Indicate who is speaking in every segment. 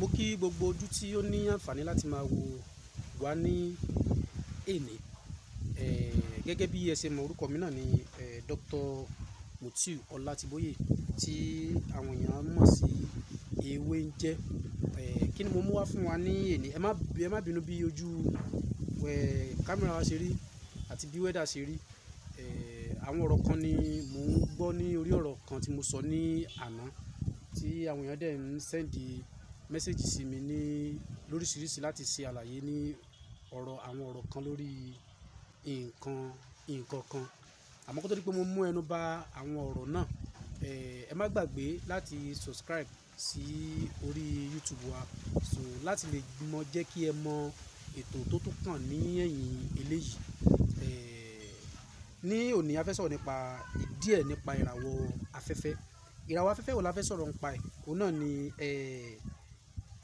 Speaker 1: mo kí gbogbo ojú tí ó ní àǹfààní láti máa wo wá ní èní gẹ́gẹ́ bí ẹ ṣe mọ orúkọ mi náà ni Dr. Mutiu Ọlátíbóyè tí àwọn èèyàn mọ̀ sí ewé ń jẹ́ kí ni mo mú wá fún wa ní èní ẹ má bínú bí ojú kámẹ́rà wa ṣe rí àti bí wẹ́dà ṣe rí àwọn ọ̀rọ̀ kan ni mò ń gbọ́ ní orí ọ̀rọ̀ kan tí mo sọ ní àná tí àwọn èèyàn dẹ̀ ń sẹ́ǹdì mẹ́sẹ̀gì sí mi ní lóríṣiríṣi láti ṣe àlàyé ní ọ̀rọ̀ àwọn ọ̀rọ̀ kan lórí nǹkan nǹkan kan àmọ́ kó tó di pé mo mú ẹnu bà àwọn ọ̀rọ̀ náà ẹ má gbàgbé láti subscribe sí orí YouTube wa so láti lè mọ jẹ́ kí ẹ mọ ètò tó tún kàn ní ẹ̀yìn eléyìí ní òní a fẹ́ sọ̀rọ̀ nípa nípa ìràwọ̀ afẹ́fẹ́ ìràwọ̀ afẹ́fẹ́ wo la fẹ́ sọ̀rọ̀ nípa ẹ̀ òun náà ni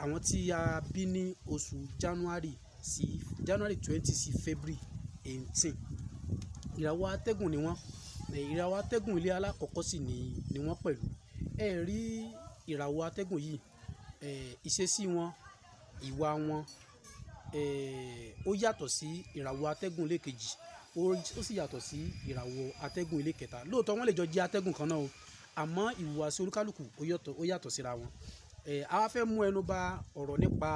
Speaker 1: àwọn tí a bí ní oṣù january sí january twenty sí february eighteen ìràwọ̀ atẹ́gùn ni wọ́n ìràwọ̀ atẹ́gùn ilé alákọ̀ọ́kọ́ sì ni ni wọ́n pẹ̀lú ẹ rí ìràwọ̀ atẹ́gùn yìí ẹ ìṣesí wọn ìwà wọn ẹ ó yàtọ̀ sí ìràwọ̀ atẹ́gùn ilé kejì ó sì yàtọ̀ sí ìràwọ̀ atẹ́gùn ilé kẹta lóòótọ́ wọ́n lè jọ jẹ́ atẹ́gùn kan náà o àmọ́ ìhùwàsí olúkálùkù ó yàtọ̀ síra wọn àwa fẹ́ mú ẹnu bà ọ̀rọ̀ nípa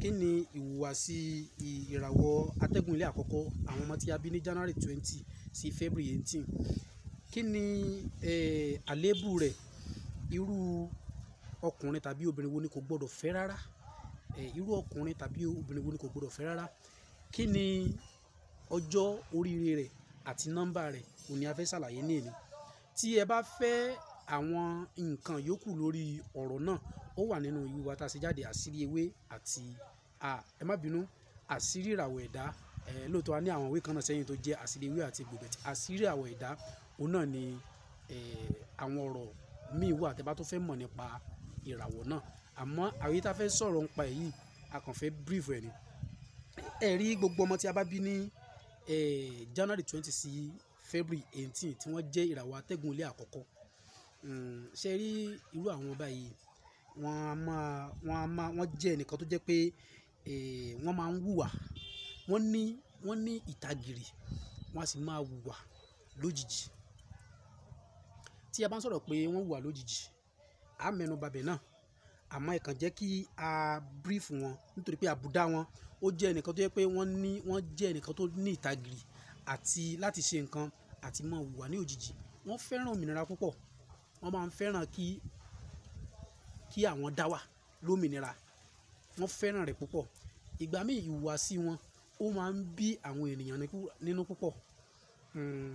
Speaker 1: kí ni ìhùwàsí ìràwọ̀ atẹ́gùn ilé àkọ́kọ́ àwọn ọmọ tí a bí ní January twenty sí February eighteen kí ni àléébù rẹ̀ irú ọkùnrin tàbí obìnrin wo ni kò gbọdọ̀ fẹ́ rárá irú ọkùnrin tàbí obìnrin wo ni kò gbọdọ̀ fẹ́ rárá kí ni ọjọ́ oríire rẹ̀ àti nọ́mbà rẹ̀ òní a fẹ́ ní èyí tí ẹ bá fẹ́ àwọn nǹkan yòókù lórí ọ̀rọ̀ náà ó wà nínú ìwé tá a ṣe jáde àṣírí ewé àti a ẹ má bínú àṣírí ìràwọ̀ ẹ̀dá ẹ lóòótọ́ a ní àwọn ìwé kan náà sẹ́yìn tó jẹ́ àṣírí ewé àti egbò àṣírí ìràwọ̀ ẹ̀dá òun náà ni àwọn ọ̀rọ̀ míì wà tẹ́ bá tó fẹ́ mọ̀ nípa ìràwọ̀ náà àmọ́ àwòyí tá a fẹ́ sọ̀rọ̀ nípa èyí a fẹ́ brief ẹ̀ ni ẹ gbogbo ọmọ tí a bá bí ní January twenty sí February eighteen tí wọ́n jẹ́ ìràwọ̀ atẹ́gùn ilé àkọ́kọ́ Hmm, ṣe rí irú àwọn báyìí wọ́n á máa wọ́n á máa wọ́n jẹ́ ẹnìkan tó jẹ́ pé wọ́n máa ń hùwà wọ́n ní wọ́n ní ìtagìrì wọ́n á sì máa hùwà lójijì tí a bá ń sọ̀rọ̀ pé wọ́n hùwà lójijì á mẹ́nu babẹ̀ náà àmọ́ ẹ̀kan jẹ́ kí a brief wọn nítorí pé àbùdá wọn ó jẹ́ ẹnìkan tó yẹ pé wọ́n ní wọ́n jẹ́ ẹnìkan tó ní ìtagìrì àti láti ṣe nǹkan àti máa hùwà ní òjijì wọ́n fẹ́ràn òmìnira púpọ̀ wọ́n máa ń fẹ́ràn kí kí àwọn dá wà lómìnira wọ́n fẹ́ràn rẹ̀ púpọ̀ ìgbà míì ìhùwàsí wọn ó máa ń bí àwọn ènìyàn nínú púpọ̀ hmm,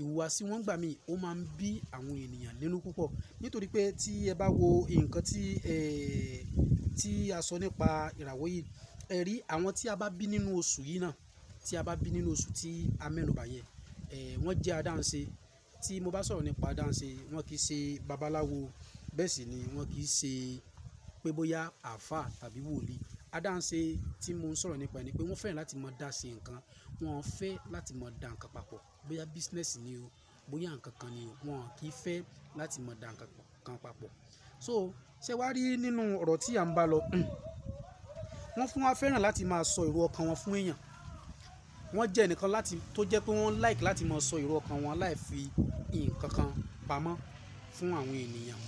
Speaker 1: ìhùwàsí wọn gbà míì ó máa ń bí àwọn ènìyàn nínú púpọ̀ nítorí pé tí ẹ bá wo nǹkan tí tí a sọ nípa ìràwọ̀ yìí ẹ rí àwọn tí a bá bí nínú oṣù yìí náà tí a bá bí nínú oṣù tí a mẹ́nubà yẹn wọ́n jẹ́ adáhunṣe tí mo bá sọ̀rọ̀ nípa dáńṣe wọn kì í ṣe babaláwo bẹ́ẹ̀ sì ni wọn kì í ṣe pé bóyá àáfà tàbí wòlíì adáǹṣe tí mo ń sọ̀rọ̀ nípa ẹni pé wọ́n fẹ́ràn láti máa dá ṣe nǹkan wọ́n fẹ́ láti máa da nǹkan papọ̀ bóyá bísínẹ́sì ni o bóyá nǹkan kan ni o wọn kì í fẹ́ láti máa da nǹkan kan papọ̀ so ṣé wàá rí nínú ọ̀rọ̀ tí à ń bá lọ wọ́n fún wa fẹ́ràn láti máa sọ èrò ọkàn wọn fún èèyàn wọ́n jẹ́ ẹnìkan láti tó jẹ́ pé wọ́n like láti máa sọ èrò ọkàn wọn láì fi nǹkan kan pamọ́ fún àwọn ènìyàn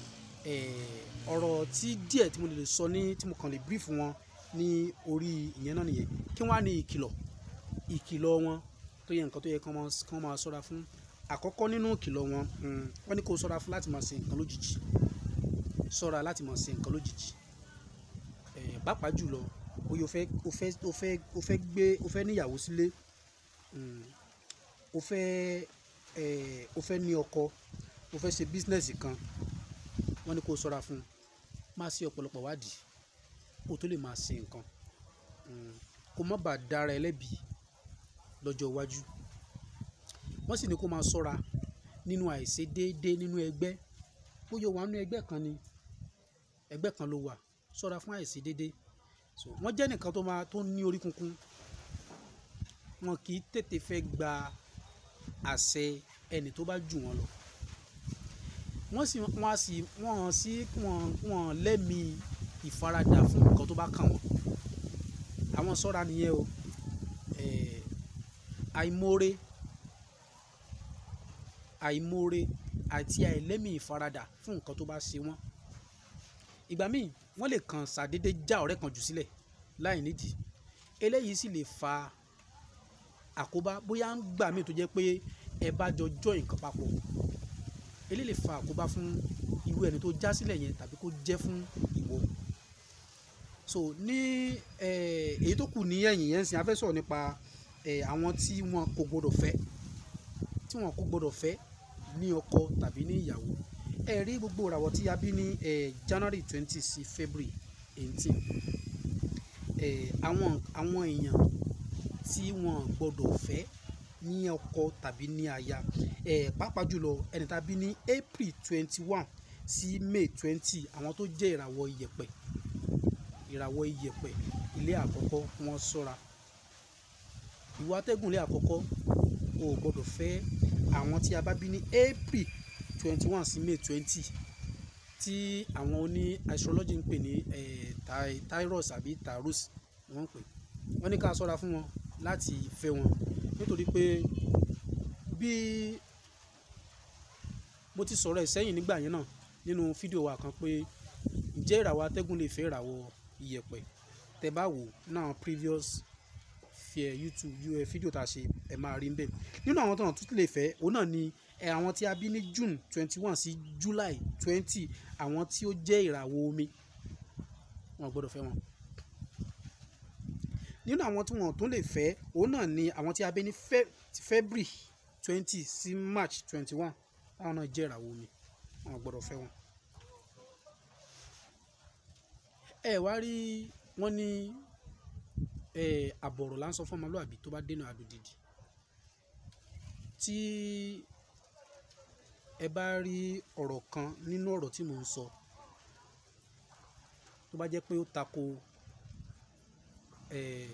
Speaker 1: ọ̀rọ̀ tí díẹ̀ tí mo lè sọ ní tí mo kàn lè brief wọn ní orí ìyẹn náà nìyẹn kí wọ́n á ní ìkìlọ̀ ìkìlọ̀ wọn tó yẹ nǹkan tó yẹ kán máa sọ́ra fún àkọ́kọ́ nínú ìkìlọ̀ wọn hmm, wọ́n ní kó sọ́ra fún láti máa ṣe nǹkan lójijì sọ́ra láti máa ṣe nǹkan lójijì pàápàá jùlọ ó yẹ o fẹ́ o fẹ́ o fẹ́ gbé o fẹ́ níyàwó sílé o fẹ́ o fẹ́ ní ọkọ o fẹ́ ṣe bísínẹ́sì kan wọ́n ní kó o ṣọ́ra fún un máa ṣe ọ̀pọ̀lọpọ̀ wádìí kó o tó lè máa ṣe nǹkan hmm, kó má bàa dára ẹlẹ́bi lọ́jọ́ iwájú wọ́n sì ní kó máa ṣọ́ra nínú àìṣe déédéé nínú ẹgbẹ́ bóyá wà nínú ẹgbẹ́ kan ni ẹgbẹ́ kan ló wà ṣọ́ra fún àìṣe déédéé wọ́n jẹ́ nìkan tó ní orí kunkun wọn kì í tètè fẹ́ gba àṣẹ ẹni tó bá jù wọn lọ wọ́n sì wọ́n á sì wọ́n sí wọ́n wọ́n lẹ́mìí ìfaradà fún nǹkan tó bá kàn wọ́n àwọn sọ́ra nìyẹn o àìmoore àìmoore àti àìlẹ́mìí ìfaradà fún nǹkan tó bá ṣe wọ́n ìgbà míì wọ́n lè kàn ṣàdédé já ọ̀rẹ́ kan jù sílẹ̀ láì nídìí eléyìí sì lè fa àkóbá bóyá ń gbà míì tó jẹ́ pé ẹ bá jọ jọ nǹkan papọ̀ eléyìí lè fa àkóbá fún irú ẹni tó já sílẹ̀ yẹn tàbí kó jẹ́ fún ìwọ so ní èyí tó kù ní ẹ̀yìn yẹn ń sìn a fẹ́ sọ̀rọ̀ nípa àwọn tí wọn kò gbọdọ̀ fẹ́ tí wọn kò gbọdọ̀ fẹ́ ní ọkọ tàbí ní ìyàwó ẹ rí gbogbo ìràwọ̀ tí a bí ní January twenty sí February eighteen àwọn àwọn èèyàn tí wọ́n gbọ́dọ̀ fẹ́ ní ọkọ tàbí ní aya ẹ̀ pàápàá jùlọ ẹni tá ní April twenty one sí May twenty àwọn tó jẹ́ ìràwọ̀ ìyẹ̀pẹ̀ ìràwọ̀ ìyẹ̀pẹ̀ ilé àkọ́kọ́ wọ́n ṣọ́ra ìwà atẹ́gùn ilé àkọ́kọ́ o gbọ́dọ̀ fẹ́ àwọn tí a bá bí ní April twenty one sí May twenty tí àwọn oní astrology ń pè ní Taurus àbí Taurus ni wọ́n ń pè wọ́n ní ká ṣọ́ra fún wọn láti fẹ́ wọn nítorí pé bí mo ti sọ̀rọ̀ ẹ̀ sẹ́yìn nígbà yẹn náà nínú fídíò wa kan pé ǹjẹ́ ìràwọ̀ atẹ́gùn lè fẹ́ ìràwọ̀ ìyẹ̀pẹ̀ tẹ́ bá wò náà previous fẹ́ YouTube uf eh, fídíò tá a ṣe ẹ̀ máa rí bẹ́ẹ̀ nínú àwọn tó náà tún lè fẹ́ òun náà ni ẹ̀ eh, àwọn tí a bí ní June twenty one sí July twenty àwọn tí ó jẹ́ ìràwọ̀ omi wọn gbọ́dọ̀ fẹ́ wọn nínú àwọn tí wọ́n tún lè fẹ́ òun náà ni àwọn tí a bí ní February twenty sí March twenty one àwọn náà jẹ́ ìràwọ̀ omi wọn gbọ́dọ̀ fẹ́ wọn. ẹ wá rí wọn ní àbọ̀rọ̀ là ń sọ fún ọmọlúwàbí tó bá dènà àdòdìdì tí ẹ bá rí ọ̀rọ̀ kan nínú ọ̀rọ̀ tí mò ń sọ tó bá jẹ́ pé ó tako Eh,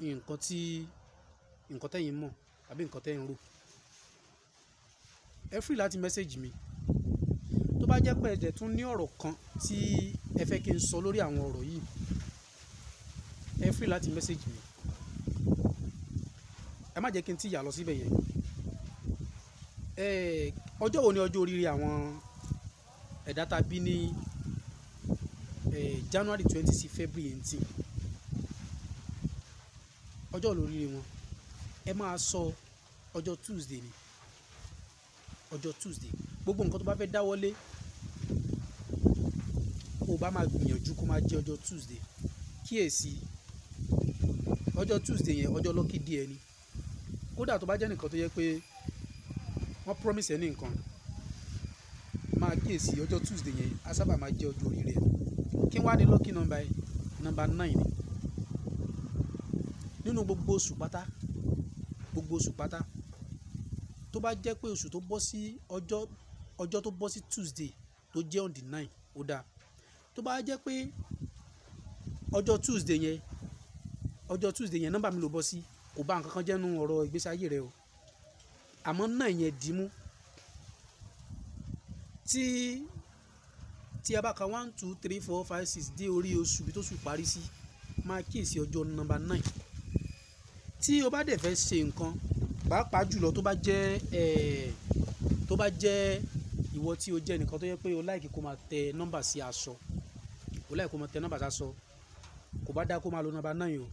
Speaker 1: nǹkan tí nǹkan tẹ́yìn mọ̀ àbí nǹkan tẹ́yìn rò ẹ free láti mẹ́sẹ̀gì mi tó bá jẹ́ pé ẹ̀jẹ̀ tún ní ọ̀rọ̀ kan tí ẹ fẹ́ kí n sọ lórí àwọn ọ̀rọ̀ yìí ẹ free láti mẹ́sẹ̀gì mi ẹ má jẹ́ kí n ti yà lọ síbẹ̀ yẹn eh, ọjọ́ wo ni ọjọ́ oríire àwọn ẹ̀dá tá a bí ní eh, January twenty sí February eighteen ọjọ́ olóríire wọn ẹ máa sọ ọjọ́ Tuesday ni ọjọ́ Tuesday gbogbo nǹkan tó bá fẹ́ dáwọ́lé kó o bá máa gbìyànjú kó máa jẹ́ ọjọ́ Tuesday kíyèsí ọjọ́ Tuesday yẹn ọjọ́ lọ́kì díẹ̀ ni kódà tó bá jẹ́ nìkan tó yẹ pé wọ́n promise ẹ ní nǹkan máa kíyèsí ọjọ́ Tuesday yẹn a sábà máa jẹ́ ọjọ́ orí rẹ̀ kí wọ́n á ní lọ́kì nọ́mbà yìí nine ni nínú gbogbo oṣù pátá gbogbo oṣù pátá tó bá jẹ́ pé oṣù tó bọ́ sí ọjọ́ ọjọ́ tó bọ́ sí Tuesday tó jẹ́ on the nine ó dáa tó bá jẹ́ pé ọjọ́ Tuesday yẹn ọjọ́ Tuesday yẹn nọ́mbà mi ló bọ́ sí kò bá nǹkan kan jẹ́ nínú ọ̀rọ̀ ìgbésí ayé rẹ o àmọ́ náà yẹn dì í mú tí tí a bá ka one two three four five six dé orí oṣù bí tó sùn parí sí máa kíyèsí ọjọ́ nọ́mbà nine tí o bá dẹ̀ fẹ́ ṣe nǹkan pàápàá jùlọ tó bá jẹ́ tó bá jẹ́ ìwọ tí o jẹ́ nìkan tó yẹ pé o láìkí kó máa tẹ nọ́mbà sí aṣọ o láìkí kó máa tẹ nọ́mbà sí aṣọ kò bá dáa kó máa lo nọ́mbà nine o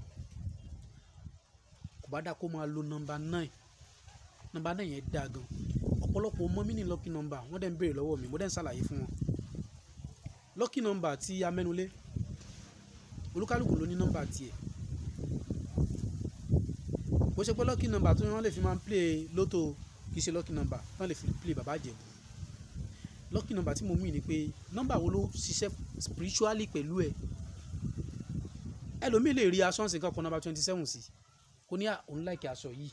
Speaker 1: kò bá dáa kó máa lo nọ́mbà nine nọ́mbà nine yẹn dáa gan ọ̀pọ̀lọpọ̀ mọ mí ní lucky number wọ́n dẹ̀ ń béèrè lọ́wọ́ mi mo dẹ̀ ń ṣàlàyé fún wọn lucky number tí a mẹ́nulé olúkálùkù ló ní nọ́mbà tiẹ̀ kò ṣe pé lucky number tó wọ́n lè fi máa ń play lóto kì í ṣe lucky number wọ́n lè fi play bàbá jẹ́ lucky number tí mo mú ni pé number wo ló ṣiṣẹ́ spiritually pẹ̀lú ẹ̀ ẹlòmíì lè rí aṣọ ǹsìn kan kọ number twenty seven sí kò ní òun láìkí aṣọ yìí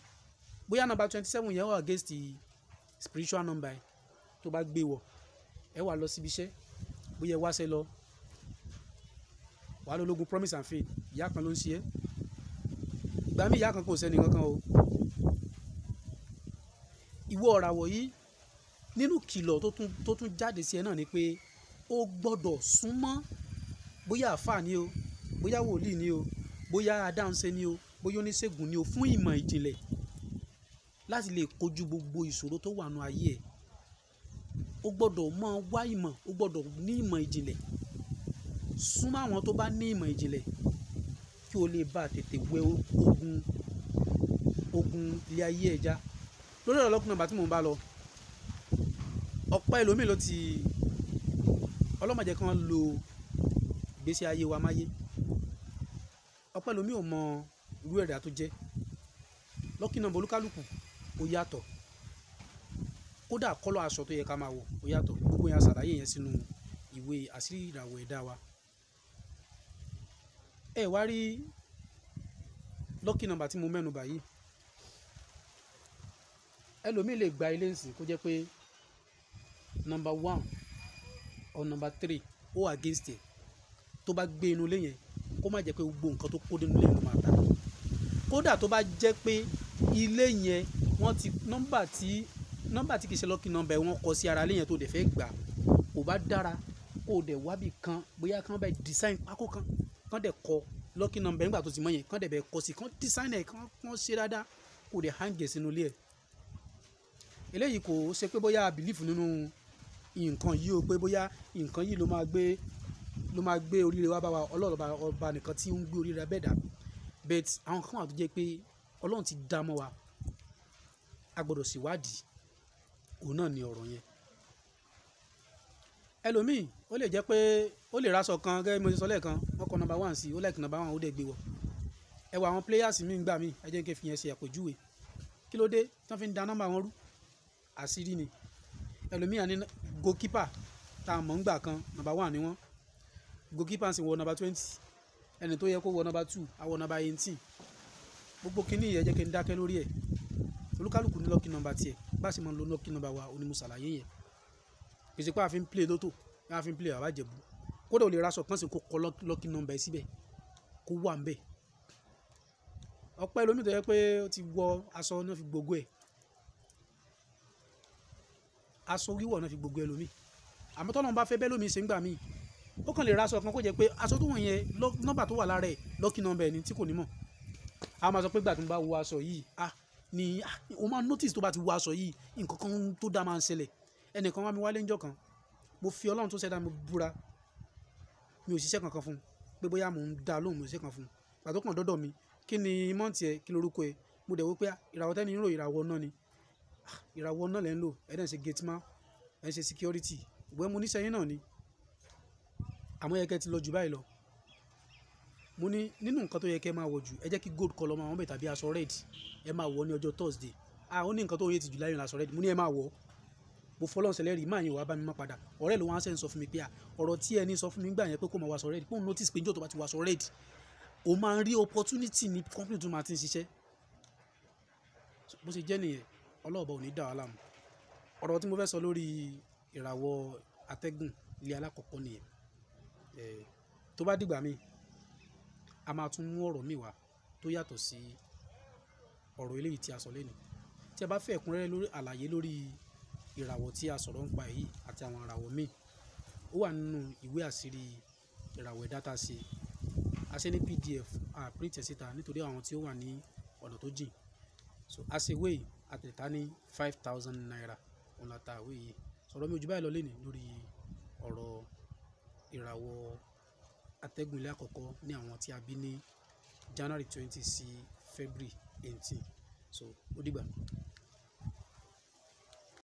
Speaker 1: bóyá number twenty seven yẹn wà against the spiritual number yẹn tó bá gbé wọ ẹ wà lọ síbi iṣẹ́ bóyá ẹ wáṣẹ́ lọ wàá lọ lógun promise and faith ìyá kan ló ń ṣe é ìgbà míì ìyá kan kò sẹ́ni kankan o ìwọ ọ̀ràwọ̀ yìí nínú kìlọ̀ tó tún jáde sí ẹ náà ni pé ó gbọ́dọ̀ súnmọ́ bóyá àfáà ni o bóyá wòlíì ni o bóyá adáhunṣe ni o bóyá oníṣègùn ni o fún ìmọ̀ ìjìnlẹ̀ láti lè kojú gbogbo ìṣòro tó wà nù ayé ẹ̀ o gbọ́dọ̀ máa wá ìmọ̀ o gbọ́dọ̀ ní ìmọ̀ ìjìnlẹ̀ súnmọ́ àwọn tó bá ní ìmọ̀ ìjìnlẹ̀ kí o lè bá tètè wẹ ogun ogun ilé ayé ẹja lórí ọ̀rọ̀ lọ́kùnrin bàtí mò ń bá lọ ọ̀pọ̀ ẹlòmíì ló ti ọlọ́mọdé kan lo gbèsè ayé wa máyé ọ̀pọ̀ ẹlòmíì ò mọ irú ẹ̀dá tó jẹ́ lọ́kìnà bolúkálùkù ó yàtọ̀ kódà kọ́lọ́ aṣọ tó yẹ ká máa wọ̀ ó yàtọ̀ gbogbo yẹn aṣàlàyé yẹn sínú ìwé àṣírí ìràwọ̀ ẹ̀dá wa ẹ wá rí lọ́kì nọ́mbà tí mo mẹ́nu bà yìí ẹlòmíì lè gba ilé nsìn kó jẹ́ pé nọ́mbà one or nọ́mbà three ó against ẹ̀ tó bá gbé inú ilé yẹn kó má jẹ́ pé gbogbo nǹkan tó kó nínú ilé yẹn ló máa ta kódà tó bá jẹ́ pé ilé yẹn wọ́n ti nọ́mbà tí nọ́mbà tí kì í ṣe lọ́kì nọ́mbà ẹ̀ wọ́n kọ sí ara ilé yẹn tó dẹ̀ fẹ́ gbà kò bá dára kó o dẹ̀ wábì kan bóyá kan bá design pákó kan kán dẹ̀ kọ lọ́kì nọmbẹ̀ nígbà tó ti mọ̀ yẹn kán dẹ̀ bẹ̀ kọ sí kán dísáìnì ẹ̀ kán kán ṣe dáadáa kò dẹ̀ hàǹgẹ̀ sínú ilé ẹ̀ eléyìí kò ṣe pé bóyá bìlífù nínú nǹkan yìí o pé bóyá nǹkan yìí ló máa gbé ló máa gbé oríire wá bá wa ọlọ́ọ̀lọ́ba ọba nìkan tí ń gbé oríire bẹ́ẹ̀ but àwọn kan wà tó jẹ́ pé ọlọ́run ti dá mọ́ wa a gbọ́dọ̀ ṣèwádìí òun náà ni ọ̀rọ̀ yẹn ẹlòmíì ó lè jẹ́ pé ó lè raṣọ kan gẹ́gẹ́ bí mo ṣe sọ lẹ́ẹ̀kan wọ́n kọ nọmba one sí i ó lẹ́ẹ̀kì nọmba one ó dẹ̀ gbé wọ̀ ẹ wọ àwọn players mi ń gbà mí ẹ jẹ́ kí n fi yẹn ṣe àpèjúwe kí ló dé tí wọ́n fi ń da nọmba wọn rú àṣírí ni ẹlòmíì àní goalkeeper tá a mọ̀ ń gbà kan nọmba one ni wọ́n goalkeeper sì wọ nọmba twenty ẹni tó yẹ kó wọ nọmba two àwọ nọmba eighteen gbogbo kínní yẹn jẹ́ kí n dákẹ́ lórí ẹ̀ olúkálùkù ní lọ́ọ̀kì nọmba tiẹ̀ bá a lọ́ọ̀kì nọmba wa onímùsàlàyé yẹn kì í ṣe pé àfi ń play lótò àfi ń play bàbá ìjẹ̀bú kódà ò lè raṣọ kan sí kó kọ lọ́kì nọmba ẹ̀ síbẹ̀ kó wà ń bẹ̀ ọpẹ́ lómi tó yẹ pé ó ti wọ aṣọ náà fi gbogbo ẹ̀ aṣọ wíwọ̀ náà fi gbogbo ẹ̀ lómi àmọ́ tọ́lọ́run bá fẹ́ bẹ́ẹ̀ lómi ṣe ń gbà míì ó kàn lè ra aṣọ kan kó jẹ́ pé aṣọ tó wọ̀nyẹn nọ́mbà tó wà lára ẹ̀ lọ́kì nọ́mbà ẹ̀ ni tí kò ní mọ̀ a máa sọ pé gbà tó ń bá wọ aṣọ yìí ah ni ah o máa notice tó bá ti wọ aṣọ yìí nǹkan kan tó dáa máa ń ṣẹlẹ̀ ẹnìkan wá mi wálé ńjọ́ kan mo fi ọlọ́run tó ṣẹ̀dá mi búra mi ò ṣiṣẹ́ kankan fún un pé bóyá mò ń da lóhùn mi ò ṣiṣẹ́ kan fún un pàtó kàn dọ́dọ̀ mi kí ni mọ́ǹtì ẹ kí lorúkọ ẹ mo dẹ̀ wò pé ah, ìràwọ̀ tẹ́ni ń rò ìràwọ̀ náà ni ah, ìràwọ̀ náà lẹ́ ń lò ẹ̀ dẹ̀ ń ṣe gateman ẹ̀ ń ṣe security ìwé mo níṣẹ́ náà ni àmọ́ yẹ kẹ́ ti lọ jù báyìí lọ mo ní nínú nǹkan tó yẹ kẹ́ máa wọ̀ jù ẹ jẹ́ kí gold color máa wọ́n bẹ̀ tàbí aṣọ red ẹ máa wọ̀ ní ọjọ́ Thursday ah ó ní nǹkan tó yẹ ti jù láyọ̀ ní aṣọ red mo ní ẹ máa wọ̀ mo fọlọ́n sẹlẹ́rì máa yẹn wàá bá mi má padà ọ̀rẹ́ ló wá ń sẹ́ ń sọ fún mi pé à ọ̀rọ̀ tí ẹni sọ fún mi gbà yẹn pé kó máa wàásọ rẹ́ẹ̀dì pòun notice pé níjọ́ tó bá ti wàásọ rẹ́ẹ̀dì o máa ń rí opportunity ní company tó máa ti ń ṣiṣẹ́ bó ṣe jẹ́ nìyẹn ọlọ́ọ̀bọ ò ní dà wá láàmú ọ̀rọ̀ tí mo fẹ́ sọ lórí ìràwọ̀ atẹ́gùn ilé alákọ̀ọ́kọ́ nìyẹn tó bá dìgbà míì a máa tún mú ọ̀rọ̀ míì wá tó yàtọ̀ sí ọ̀rọ̀ eléyìí tí a sọ lẹ́nu tí a bá fẹ́ ẹ̀kúnrẹ́rẹ́ lórí àlàyé lórí ìràwọ̀ tí a sọ̀rọ̀ ń pa èyí àti àwọn ìràwọ̀ míì ó wà nínú ìwé àṣírí ìràwọ̀ ẹ̀dá ṣe a ṣe ní pdf a print ẹ̀ síta nítorí àwọn tí ó wà ní ọ̀nà tó jìn so a ṣe wéyìí àtẹ̀tà ní five thousand naira ọ̀nà tá a wéyìí sọ̀rọ̀ mi ò jù báyìí lọ lénìí lórí ọ̀rọ̀ ìràwọ̀ atẹ́gùn ilé àkọ́kọ́ ní àwọn tí a bí ní January twenty sí February eighteen so ó dìgbà.